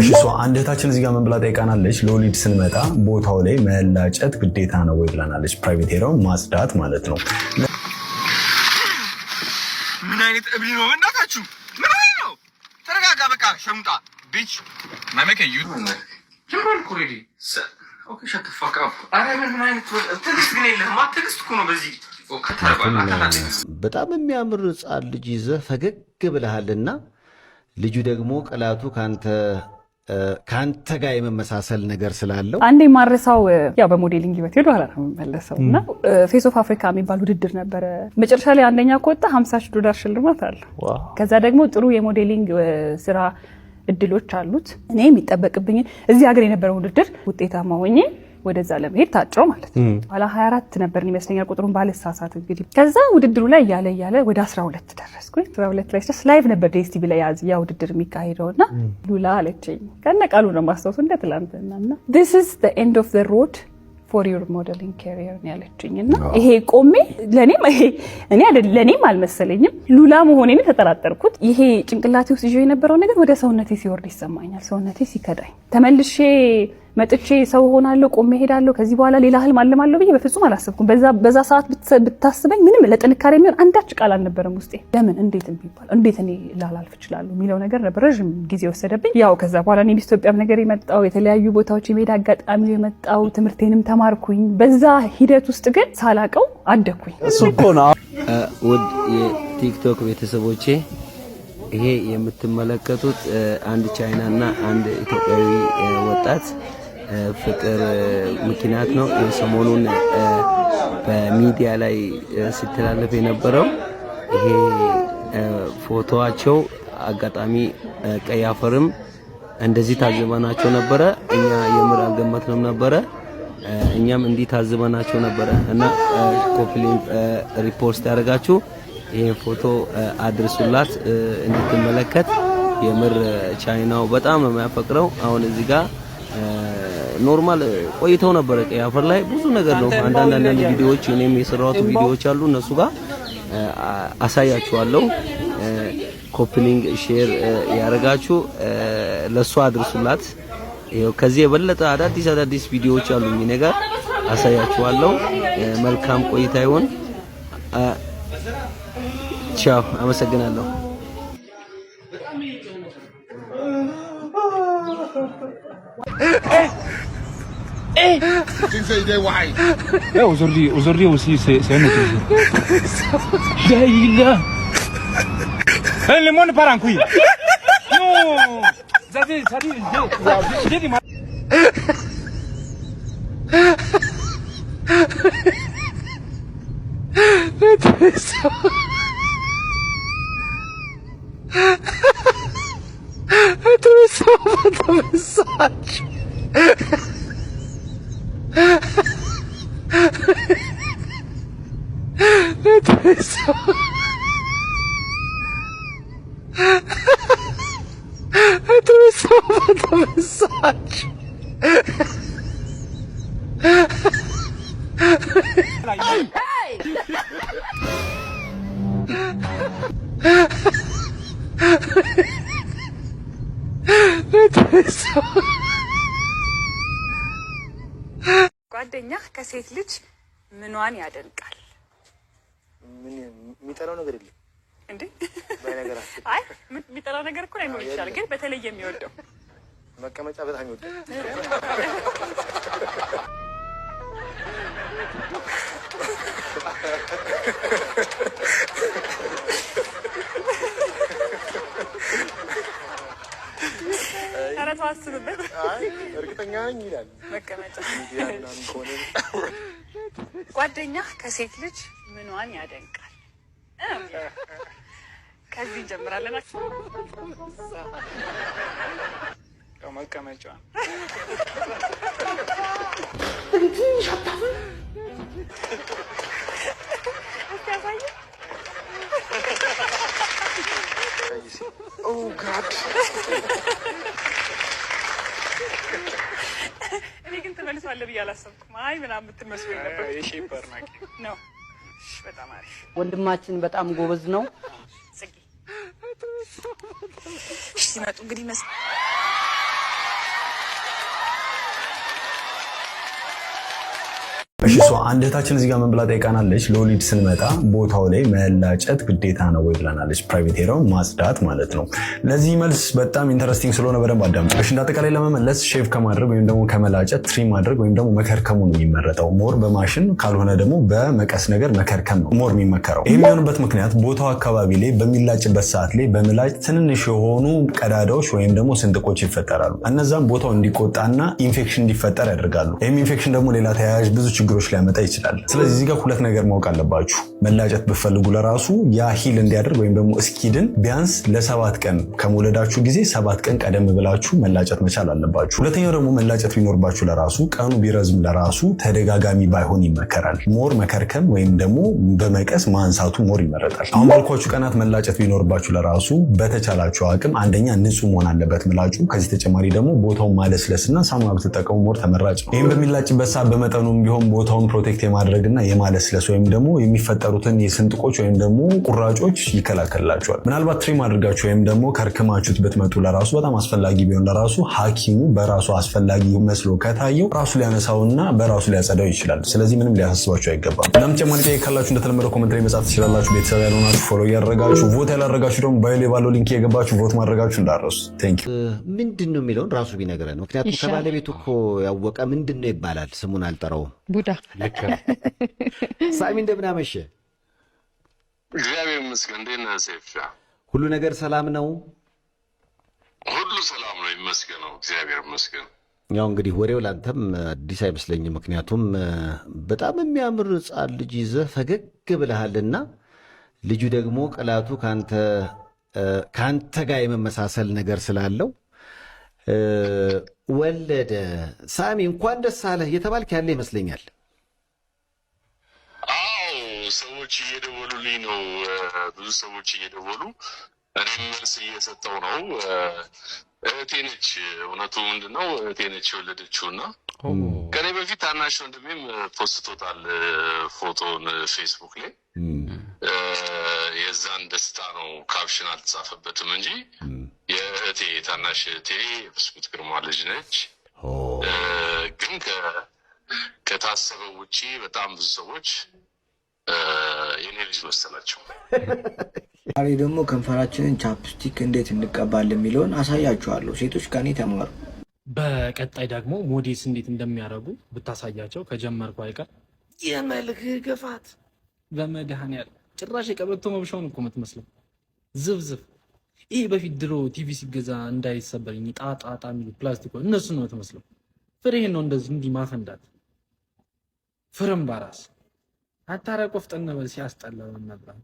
እሺ እሷ አንድ እህታችን እዚህ ጋር ምን ብላ ጠይቃናለች? ለወሊድ ስንመጣ ቦታው ላይ መላጨት ግዴታ ነው ወይ ብላናለች። ፕራይቬት ሄረው ማጽዳት ማለት ነው። ምን አይነት እብድ ነው በእናታችሁ! ምን አይነት ነው? ተረጋጋ በቃ ሸሙጣ ቢች ኦኬ አረ ምን አይነት ግን ነው በዚህ በጣም የሚያምር ሕፃን ልጅ ይዘህ ፈገግ ብለሃልና ልጁ ደግሞ ቅላቱ ካንተ ከአንተ ጋር የመመሳሰል ነገር ስላለው አንዴ ማረሳው ያው በሞዴሊንግ ህይወት ሄዶ ኋላ ነው የምመለሰው እና ፌስ ኦፍ አፍሪካ የሚባል ውድድር ነበረ። መጨረሻ ላይ አንደኛ ከወጣ ሀምሳ ሺህ ዶላር ሽልማት አለ። ከዛ ደግሞ ጥሩ የሞዴሊንግ ስራ እድሎች አሉት። እኔ የሚጠበቅብኝ እዚህ ሀገር የነበረው ውድድር ውጤታማ ሆኜ ወደዛ ለመሄድ ታጭሮ ማለት ነው። ኋላ 24 ነበር ይመስለኛል ቁጥሩን ባልሳሳት። እንግዲህ ከዛ ውድድሩ ላይ እያለ እያለ ወደ 12 ደረስኩ። 12 ላይ ስደርስ ላይቭ ነበር ዴስቲቪ ላይ ያዝ ያ ውድድር የሚካሄደው እና ሉላ አለችኝ። ከነ ቃሉ ነው ማስታወሱ እንደ ትላንትና እና ዲስ ኢዝ ዘ ኤንድ ኦፍ ዘ ሮድ ፎር ዮር ሞዴሊንግ ካሪየር ያለችኝ እና ይሄ ቆሜ ለእኔም እኔ ለእኔም አልመሰለኝም ሉላ መሆኔን ተጠራጠርኩት። ይሄ ጭንቅላቴ ውስጥ ይዤ የነበረው ነገር ወደ ሰውነቴ ሲወርድ ይሰማኛል። ሰውነቴ ሲከዳኝ ተመልሼ መጥቼ ሰው ሆናለሁ፣ ቆሜ ሄዳለሁ ከዚህ በኋላ ሌላ ህልም አለማለሁ ብዬ በፍጹም አላሰብኩም። በዛ ሰዓት ብታስበኝ ምንም ለጥንካሬ የሚሆን አንዳች ቃል አልነበረም ውስጤ። ለምን እንዴት የሚባል እንዴት እኔ ላላልፍ እችላለሁ የሚለው ነገር ነበር ረዥም ጊዜ ወሰደብኝ። ያው ከዛ በኋላ እኔ ኢትዮጵያም ነገር የመጣው የተለያዩ ቦታዎች የመሄድ አጋጣሚ የመጣው ትምህርቴንም ተማርኩኝ። በዛ ሂደት ውስጥ ግን ሳላቀው አደግኩኝ። እሱ እኮ ነው ውድ የቲክቶክ ቤተሰቦቼ ይሄ የምትመለከቱት አንድ ቻይና እና አንድ ኢትዮጵያዊ ወጣት ፍቅር ምክንያት ነው። ሰሞኑን በሚዲያ ላይ ሲተላለፍ የነበረው ይሄ ፎቶዋቸው አጋጣሚ ቀይ አፈርም እንደዚህ ታዝበናቸው ነበረ። እኛ የምር አልገመትንም ነበረ። እኛም እንዲህ ታዝበናቸው ነበረ እና ኮፕሊን ሪፖርት ያደርጋችሁ ይሄን ፎቶ አድርሱላት እንድትመለከት። የምር ቻይናው በጣም ነው የሚያፈቅረው። አሁን እዚህ ጋር ኖርማል ቆይተው ነበረ። ቀይ አፈር ላይ ብዙ ነገር ነው። አንዳንድ አንዳንድ ቪዲዮዎች እኔም የሰራሁት ቪዲዮዎች አሉ። እነሱ ጋር አሳያችኋለሁ። ኮፕሊንግ ሼር ያደርጋችሁ ለሱ አድርሱላት። ከዚህ የበለጠ አዳዲስ አዳዲስ ቪዲዮዎች አሉ። ምን ነገር አሳያችኋለሁ። መልካም ቆይታ ይሁን። ቻው። አመሰግናለሁ። Eh Sensei de why Eh aujourd'hui, aujourd'hui aussi, c'est un autre jour. Jaïla Eh, le monde part en couille Non Ça dit, Trójsłowa do wysadzi. Hej! ጓደኛህ ከሴት ልጅ ምኗን ያደንቃል? ምን የሚጠላው ነገር የለም እንዴ? በነገራችን አይ የሚጠላው ነገር እኮ ላይኖር ይችላል፣ ግን በተለይ የሚወደው መቀመጫ በጣም ይወዳል። ኧረ አስብበት። እርግጠኛ ነኝ ይላል መቀመጫ ጓደኛ ከሴት ልጅ ምኗን ያደንቃል? ከዚህ እንጀምራለን። መቀመጫ oh እኔ ግን ትመልሳለህ ብዬ አላሰብኩም። አይ ምናምን ነበር። መስሎኝ ነበር። ነው እሺ፣ በጣም አሪፍ ወንድማችን፣ በጣም ጎበዝ ነው። ሲመጡ እንግዲህ መስ እሺ እሷ አንድ እህታችን እዚህ ጋር ምን ብላ ጠይቃናለች? ለወሊድ ስንመጣ ቦታው ላይ መላጨት ግዴታ ነው ወይ ብላናለች። ፕራይቬት ሄራውን ማጽዳት ማለት ነው። ለዚህ መልስ በጣም ኢንተረስቲንግ ስለሆነ በደንብ አዳምጪው። እሺ እንዳጠቃላይ ለመመለስ ሼቭ ከማድረግ ወይም ደግሞ ከመላጨት ትሪም ማድረግ ወይም ደግሞ መከርከሙ ነው የሚመረጠው። ሞር በማሽን ካልሆነ ደግሞ በመቀስ ነገር መከርከም ነው ሞር የሚመከረው። ይህ የሚሆንበት ምክንያት ቦታው አካባቢ ላይ በሚላጭበት ሰዓት ላይ በምላጭ ትንንሽ የሆኑ ቀዳዳዎች ወይም ደግሞ ስንጥቆች ይፈጠራሉ። እነዛም ቦታው እንዲቆጣና ኢንፌክሽን እንዲፈጠር ያደርጋሉ። ይህም ኢንፌክሽን ደግሞ ሌላ ተያያዥ ብዙ ችግር ነገሮች ሊያመጣ ይችላል። ስለዚህ እዚህ ጋር ሁለት ነገር ማወቅ አለባችሁ። መላጨት ብፈልጉ ለራሱ ያ ሂል እንዲያደርግ ወይም ደግሞ እስኪድን ቢያንስ ለሰባት ቀን ከመውለዳችሁ ጊዜ ሰባት ቀን ቀደም ብላችሁ መላጨት መቻል አለባችሁ። ሁለተኛው ደግሞ መላጨት ቢኖርባችሁ ለራሱ ቀኑ ቢረዝም ለራሱ ተደጋጋሚ ባይሆን ይመከራል። ሞር መከርከም ወይም ደግሞ በመቀስ ማንሳቱ ሞር ይመረጣል። አሁን ባልኳችሁ ቀናት መላጨት ቢኖርባችሁ ለራሱ በተቻላችሁ አቅም አንደኛ ንጹህ መሆን አለበት ምላጩ። ከዚህ ተጨማሪ ደግሞ ቦታውን ማለስለስና ሳሙና ብትጠቀሙ ሞር ተመራጭ ነው። ይህም በሚላጭበት ሰዓት በመጠኑም ቢሆን ቦታውን ፕሮቴክት የማድረግና የማለስለስ ወይም ደግሞ የሚፈጠሩ የሚሰሩትን የስንጥቆች ወይም ደግሞ ቁራጮች ይከላከልላቸዋል። ምናልባት ትሪም አድርጋችሁ ወይም ደግሞ ከርክማችሁት ብትመጡ ለራሱ በጣም አስፈላጊ ቢሆን ለራሱ ሐኪሙ በራሱ አስፈላጊ መስሎ ከታየው ራሱ ሊያነሳውና በራሱ ሊያጸዳው ይችላል። ስለዚህ ምንም ሊያሳስባቸው አይገባም። እናም ተጨማሪ ጥያቄ ካላችሁ እንደተለመደ ኮመንት ላይ መጻፍ ትችላላችሁ። ቤተሰብ ያልሆናችሁ ፎሎ እያደረጋችሁ፣ ቮት ያላደረጋችሁ ደግሞ ባይሎ ባለው ሊንክ እየገባችሁ ቮት ማድረጋችሁ እንዳረሱ። ምንድን ነው የሚለውን ራሱ ነው። ምክንያቱም ከባለቤቱ እኮ ያወቀ ምንድን ነው ይባላል። ስሙን አልጠራውም። ቡዳ ሳሚ እንደምን እንደምናመሸ እግዚአብሔር ይመስገን። እንዴት ነህ ሴፍ? ሁሉ ነገር ሰላም ነው? ሁሉ ሰላም ነው ይመስገነው፣ እግዚአብሔር ይመስገን። ያው እንግዲህ ወሬው ላንተም አዲስ አይመስለኝም፣ ምክንያቱም በጣም የሚያምር ሕፃን ልጅ ይዘህ ፈገግ ብለሃልና ልጁ ደግሞ ቅላቱ ከአንተ ጋር የመመሳሰል ነገር ስላለው ወለደ። ሳሚ እንኳን ደስ አለህ እየተባልክ ያለ ይመስለኛል። ሰዎች እየደወሉልኝ ነው። ብዙ ሰዎች እየደወሉ እኔም መልስ እየሰጠው ነው። እህቴ ነች። እውነቱ ምንድን ነው? እህቴ ነች የወለደችው እና ከኔ በፊት ታናሽ ወንድሜም ፖስቶታል ፎቶን ፌስቡክ ላይ የዛን ደስታ ነው። ካፕሽን አልተጻፈበትም እንጂ የእህቴ ታናሽ እህቴ ብስኩት ግርማ ልጅ ነች። ግን ከታሰበው ውጪ በጣም ብዙ ሰዎች የኔ ልጅ መሰላቸው። ዛሬ ደግሞ ከንፈራችንን ቻፕስቲክ እንዴት እንቀባል የሚለውን አሳያችኋለሁ። ሴቶች ከኔ ተማሩ። በቀጣይ ደግሞ ሞዴስ እንዴት እንደሚያደርጉ ብታሳያቸው ከጀመርኩ አይቀር የመልክ ግፋት በመድኃኒዓለም ጭራሽ የቀበቶ መብሻውን እኮ የምትመስለው ዝብዝብ። ይህ በፊት ድሮ ቲቪ ሲገዛ እንዳይሰበርኝ ጣጣጣ የሚሉ ፕላስቲክ እነሱ ነው የምትመስለው። ፍሬህን ነው እንደዚህ እንዲህ ማፈንዳት ፍርም ባራስ አታረ ቆፍጠን በል ሲያስጠላው ነበር።